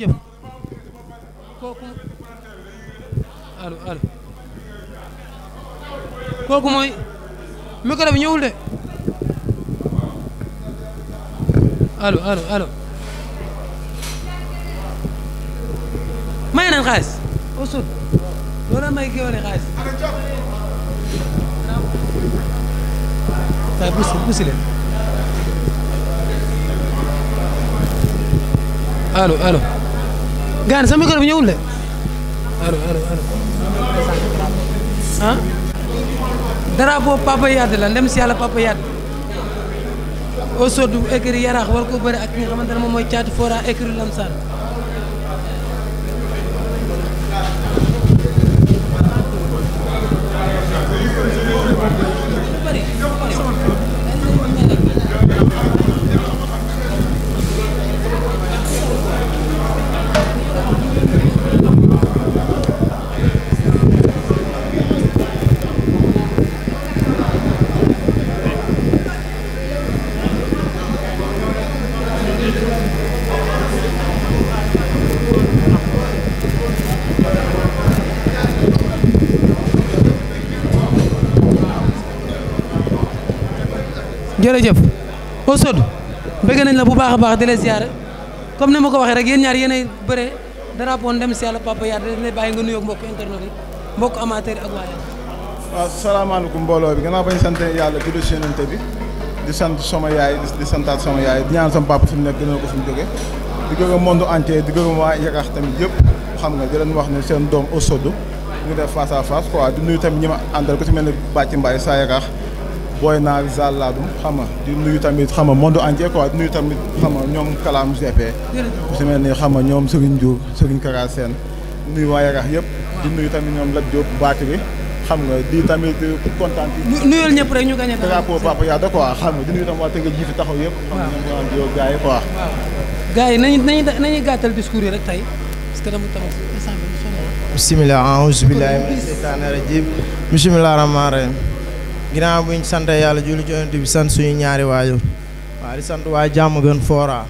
jërëjëf kooku allo allo kooku mooy micro bi ñëwul de allo allo allo may nañ xaalis au sud loolu may géwale xaalis waaw busi busi leen allo allo gaan sa micro bi ñëwul de allo allo allo ah drapeau Papa Yade la ndem si yàlla Papa Yade au sod bu écrit yaraax war ko bëri ak nga xamante moom mooy caatu fora écrit lamsaan jërëjëf Osod bëgg nañ la bu baax baax di la comme ni ma ko waxee rek yéen ñaar yéenay bëre drapeau dem si yàlla papa yaar bàyyi nga nuyoog mbokk internet yi mbokk amateur ak waa waaw mbooloo bi gannaaw bañ sant yàlla di la séenante bi di sant sama yaay di santaat sama yaay di ñaan sama papa fi mu nekk gënal ko fi mu jóge di gërëm monde entier di gërëm waa Yakaar tamit yëpp xam nga di leen wax ne seen doom Osod ñu def face à face quoi di nuyu tamit ñi ma àndal ko ci mel ni Bàcc Mbaye saa Yakaar booy naar zàllaadum xam nga di nuyu tamit xam nga monde entier quoi di nuyu tamit xam nga ñoom Kalaam GP. jërëjëf su mel ni xam nga ñoom Serigne Diouf Serigne Kara Sène nuyu waa yëpp. di nuyu tamit ñoom Lat Diop xam nga di tamit euh, kontaan. nuyul ñëpp rek ñu gagné tamit drapeau Papa Yada fi taxaw yëpp. xam nga ñoom ñoo am yow a. ginnaaw bu ñu sant yàlla julli ci bi sant suñu ñaari waajur waaw di sant waa jàmm gën foora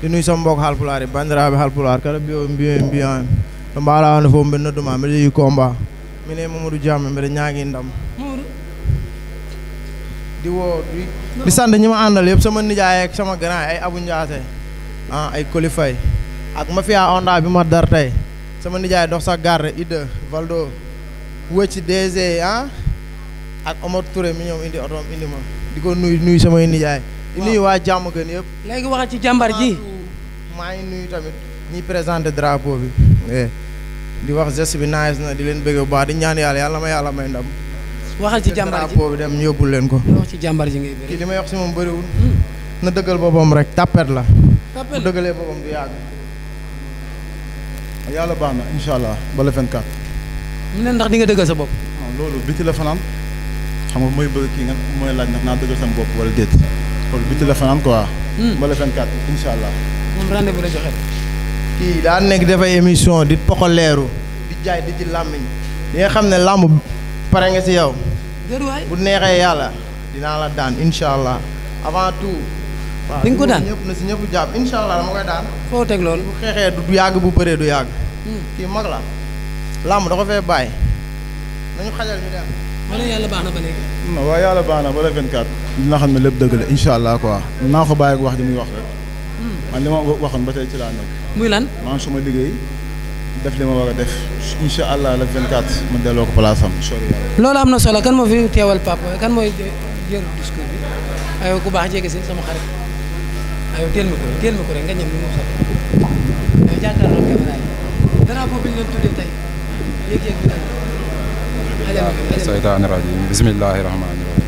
di nuyu sama mbokk halpulaar yi bandiraaɓe halpulaar kala mbiyo mbiyo mbiyo en to mbaala wonde fof mbiɗa nodduma mbiɗa yeeyi combat mine mamadou diamme mbiɗa ñaagui ndam di woo di sant ñi ma àndal yëpp sama nijaay ak sama grand ay abu ah, ay kolifay ak mafia onda bi ma dar tey sama nijaay dox sa garde idda valdo wëcc DG ah ak Omar Touré mi ñoom indi otoom indi ma di ko nuyu nuy samay nijaay di nuyu waa jàmm gën yëpp léegi waxal ci jàmbar ji maa ngi nuyu tamit ñi présente drapeau bi eh, di wax geste bi nice na di leen bëgg bu baax di ñaan yàlla yàlla ma yàlla may ndam waxal ci jàmbar ji drapeau dem yóbbul leen ko ci jàmbar ji kii li may wax si moom bëriwul hmm. na dëggal boppam rek tapet la bu dëggalee boppam du yàgg yàlla baax na incha allah bala le 24 mu ne ndax di nga dëggal sa bopp xam nga mooy bëgg kii nga mooy laaj ndax naa dëggal sama bopp wala déet kon biti hmm. la fanaan quoi. mbala 24 incha allah. moom rendez kii daa nekk dafay émission di pokoleeru di jaay di ci làmmiñ li nga xam ne làmb pare nga si yow. bu neexee yàlla dinaa la daan incha allah avant tout. di nga ko daan ñëpp na si ñëpp jàpp incha allah dama koy daan. foo teg lool bu xeexee du yàgg bu bëree du yàgg. Hmm. kii mag la làmb da ko fee bàyyi nañu xajal ñu dem. wala yàlla baax na ba léegi. waaye yàlla baax na ba le 24. dina xam ne lépp dëgg la incha allah quoi. naa ko bàyyi ak wax ji muy wax rek. Hmm. man li ma waxoon ba tey ci laa nekk. muy lan man suma liggéey def li ma war a def incha allah le 24 ma delloo ko place am incha allah. loolu am na solo kan moo fi teewal papa kan mooy jëru discours bi aywa ku baax jege si sama xarit aywa teel ma ko teel rek nga ñam li mu soxla aywa jàkkaarloo caméra yi danaa ko bi seytaani rajiim bismillaahi rahmaani rahiim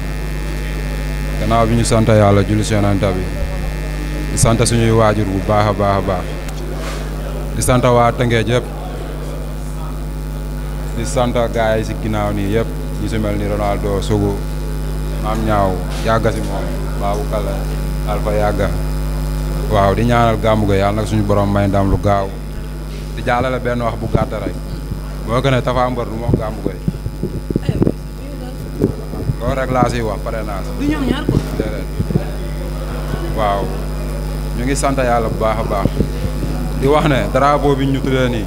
gannaaw bi ñu sant yàlla julli si yonent bi di sant suñuy waajur bu baax a baax a baax di sant waa Tëngéej yëpp di sant gaay yi si ginnaaw nii yëpp ñu si mel ni Ronaldo Sougou maam ñaaw yàgga si moom baabu kala alfa yàgga waaw di ñaanal gàmmu ga yàlla nag suñu borom may ndam lu gaaw di jàllale benn wax bu gàtt rek moo gën a Tapha Mbeur du ma gàmmu gay loolu rek laa siy wax parrainage. du ñoom waaw ñu ngi sant yàlla bu baax a baax di wax ne drapeau bi ñu tuddee nii.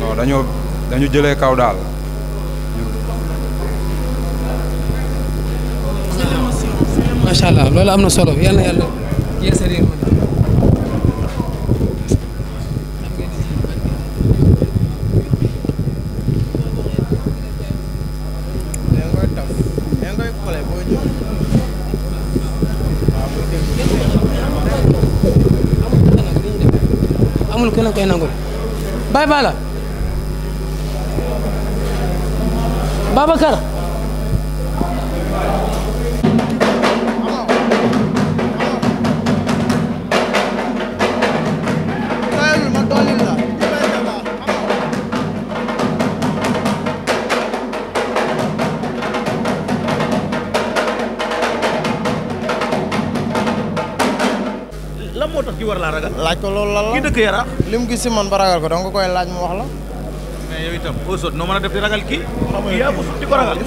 non dañoo dañu jële kaw daal. macha allah loolu am na solo yàlla yàlla yeesal amul kenn koy nangul bay bala Babacar moo tax ki war laa ragal. laaj ko loolu lan la ki dëkk yaraax. li mu gis si man ba ragal ko danga koy laaj mu wax la. mais yow itam au sot noo mën a def di ragal kii.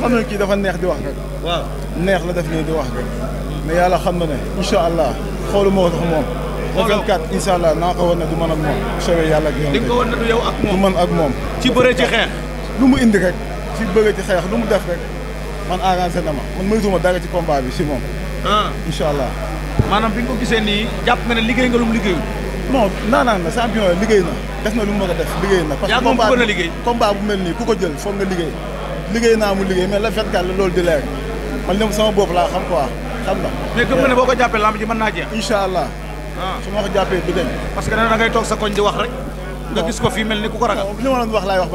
xam ne kii dafa neex di wax rek. waaw neex la def nii di wax rek. mais yàlla xam na ne incha allah xoolu moo tax moom. xooloo 24 incha allah naa ko war na du man ak moom. soobee yàlla ak yow. di nga ak moom man ak moom. ci bëre ci xeex. lu mu indi rek ci bëre ci xeex lu mu def rek man arrangé na ma man moytuma dara ci combat bi si moom. Ah. incha allah maanaam bi nga ko gisee nii jàpp nga ne liggéey nga lum liggéeyul non naanaan la liggéey na def na lu mu mën a def liggéey na parce que combat a liggéey combat bu mel nii ku ko jël foog nga liggéey liggéey naa mu liggéey mais la fetkat la loolu di leer man léegi sama bopp laa xam quoi xam nga mais gëm nga ne boo ko jàppee lamb ji mën naa jeex incha allah ah. su ma ko jàppee du dem parce que nee na ngay toog sa koñ di wax rek nga gis ko fii mel ni ku ko ragal li ma doon wax laay wax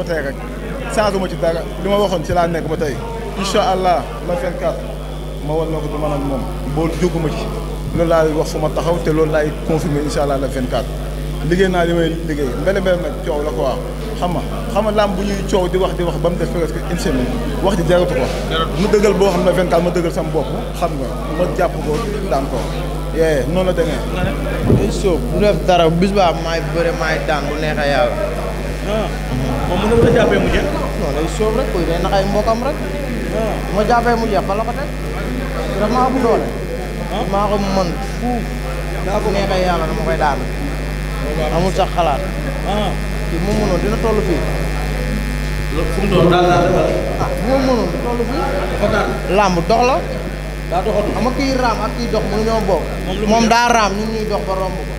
ba laa nekk ba tey incha allah la fetkat ma war na ko du man ak moom boolu ci loolu laa wax fu ma taxaw te loolu laay confirmer incha allah le 24. liggéey naa li may liggéey mbele mbele nag coow la ko waaw xam na xam nga laam bu ñuy coow di wax di wax ba mu def presque une semaine wax di jaratu ko. mu dëggal boo xam ne 24 ma dëggal sama bopp xam nga ma jàpp ko daan ko. yee eh, noonu la demee. day sóob bu def dara bis baa maay bëre maay daan bu neexee yàlla. waaw ah. moom mën na mën a jàppee mu jeex. non day sóob rek koy day naxay mbokam rek. Ah. ma jàppee mu jeex fa maa ko mën fuuf bu neexee yàlla dama koy daan amul sax xalaat kii ah. mu mënoon dina toll fii fu mu ah, làmb dox la daa doxatul ama kii raam ak kii dox mënu ñoo bokk moom daa raam ñun ñuy dox ba romb ko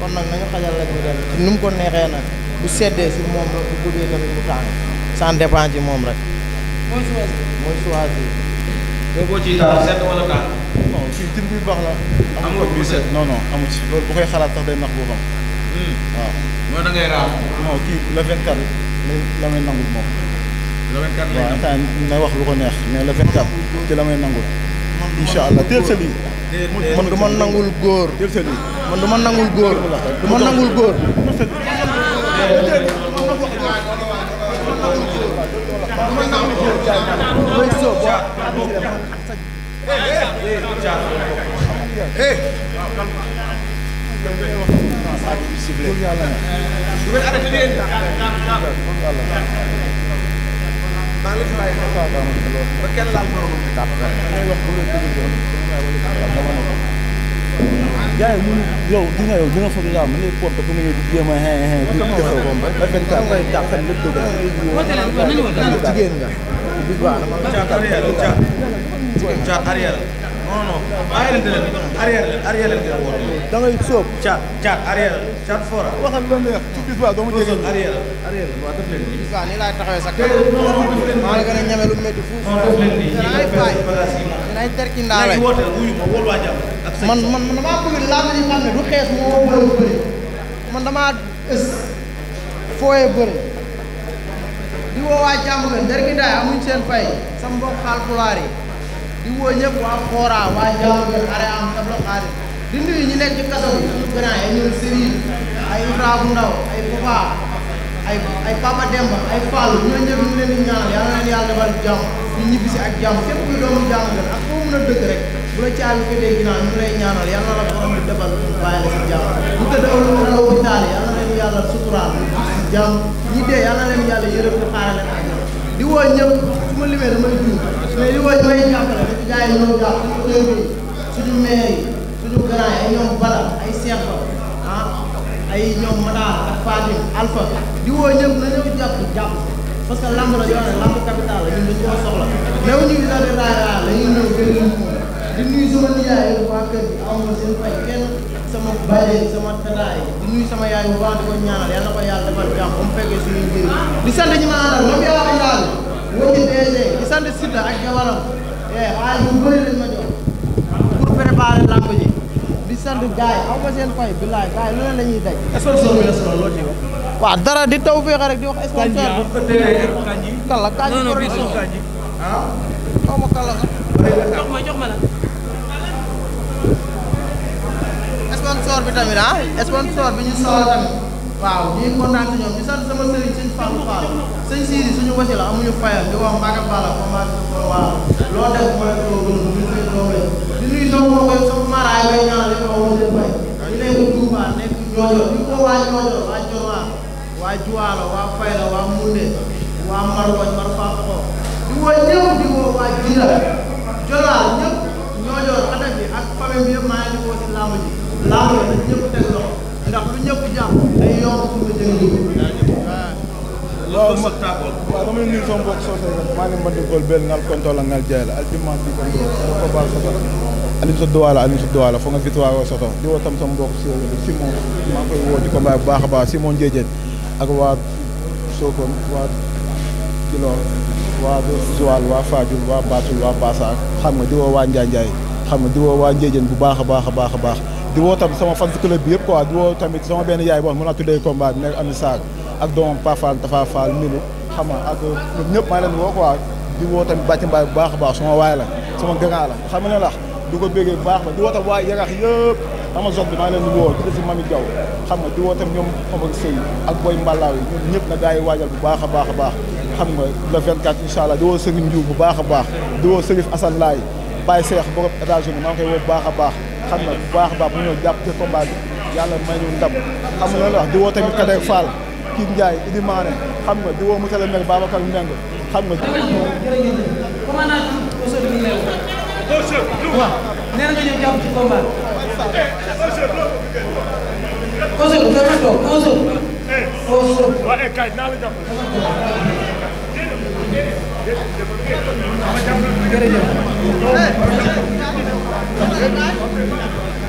kon nag nañu xajal la dem ci nu ko neexee nag bu seddee si moom la bu bëggee tamit mu tàng ça dépend moom rek fii dil bi baax la. amul ko muy seet non non amu ci loolu bu koy xalaat sax day nax boppam. Hmm. waaw. mooy da ngay raam. non kii le 24 la may nangul moom. le 24 lay waaw na wax lu ko neex mais la 24 ci la may nangul. incha allah teel sa lii. man nangul góor. teel ma nangul ma nangul góor. du nangul góor. jaay mu yow di nga yow di nga foog yaa ma ne pompe fu nga ñëw di jéem a xëy xëy di defoo ko ba benn kaa koy jàpp lépp dëgg la jigéen nga caat arrière la non non bàyyi leen délai arrière leen arrière caat caat arrière caat foora. waxal lu neex ci bis ba doomu jege arrière arrière waaw def leen nii. waaw nii a man man man damaa bëgg laa ñu xam ne du xees moo wóolu mu bëri man damaa ës bëri di woo jàmm nga terki amuñ seen fay sama mbokk xaal pulaar yi di woo ñëpp waa Fora waa Diaobé are am tablo xaari di nuyu ñi nekk ci kaso bi suñu grand ay ñoom Serigne ay Ibra bu Ndaw ay Papa ay ay Papa Demba ay Fall ñoo ñëpp ñu leen di ñaanal yal na leen yàlla defal jàmm ñu ñibbi ak jàmm képp kuy doomu jàmm gën ak foo mën a dëkk rek bu la caabi féetee ginnaaw ñu lay ñaanal yal na la borom bi defal bàyyi la si jàmm bu tëdd aw la hôpital yal na leen yàlla suturaal si jàmm ñi dee yal yàlla yërëm ñu di woo ñëpp su ma limee damay dund mais di woo ñu may jàppale rek gars yi ñoo jàpp suñu heure suñu maire suñu grand ay ñoom Bala ay Cheikh ah ay ñoom Madaar ak Fatim Alpha di woo ñëpp nañoo jàpp jàpp parce que lamb la yoo ne lamb capital la ñun dañu koo soxla néew ñu ngi daal di raay raay la ñëw gën a di nuyu sama nijaay waa kër gi aw seen fay kenn. sama baay sama tataay di nuyu sama yaay bu baax ko ñaanal yàlla ko yàlla defal jàmm ba mu fekkee suñuy mbir di sant ñi ma àndal moom yàlla am daal woo ñu DG di sant Sida eh, ji di sant gaay xaw ma seen fay bilaay gaay lu ne la ñuy daj. dara di taw féex rek di wax sponsor kala kàjji production non non ah, ma kala. ma jox ma la. sponsor bi tamit ah sponsor bi ñu soxla tamit waaw ñuy kontaan ñoom ñu sant sama sëriñ sëñ Fallou Fall sëñ Sidi suñu wasi la amuñu fayal di wax Mbacke Balla comment ça va loo def mooy loo gën di nuyu doole di nuyu doom moo koy sama maraay bay ñaan li ko wóor leen bay ñu nekk Touba nekk Ndiodio ñu ko waa Ndiodio waa Diola waa Juwaalo waa Fayla waa Munde waa Marwoñ Mar Fapko di woo ñëpp di woo waa Jira Jola ñëpp ñoo yor xale bi ak famille bi yëpp laal yooyu dañ ñëpp teg loxo ndax lu ñëpp nga jënd jiw. loolu ma waaw dama leen nuyu sama mbokk ngal kontool ngal jaay la al dimanche bi kon ko baal soto alim sa duwaala alim sa duwaala fo nga victoire o soto di tam sama mbokk si Simon maa koy woo ci combat bu baax a baax Simon Ndiédiène ak waa Sokone waa Djilor waa Joal waa Fadiouth waa Bassoul waa Bassa xam nga di waa Njaay Njaay xam nga di woo waa Ndiédiène bu baax a baax a baax a baax di woo tamit sama fan club bi yëpp quoi di woo tamit sama benn yaay boo xam ne mën naa tuddee combat bi nekk Ami ak doomam Pa Fall Tafa Fall xam nga ak ñoom ñëpp maa leen woo ko quoi di woo tamit bàcc mbaay bu baax a baax sama waaye la sama grand la xam nga ne la du ko béggee bu baax ba di woo tamit waa Yarax yëpp ama zot bi maa leen di woo di si Mami Diaw xam nga di woo tamit ñoom xamak sëy ak boy mbalaaw yi ñoom ñëpp na gars yi waajal bu baax a baax baax xam nga le 24 incha allah di woo Serigne Diouf bu baax a baax di woo Serif Assane Laye Baye Seex borom États-Unis maa ngi baax a baax xam na bu baax a baax mu ñëw jàpp ci combat bi yàlla may ñu ndam xam nga di woo tamit Kader Fall kii Ndiaye Idi Mané xam nga di woo monsieur le maire Babacar Mbengue xam nga. waaw nee jàpp ci combat jërëjëf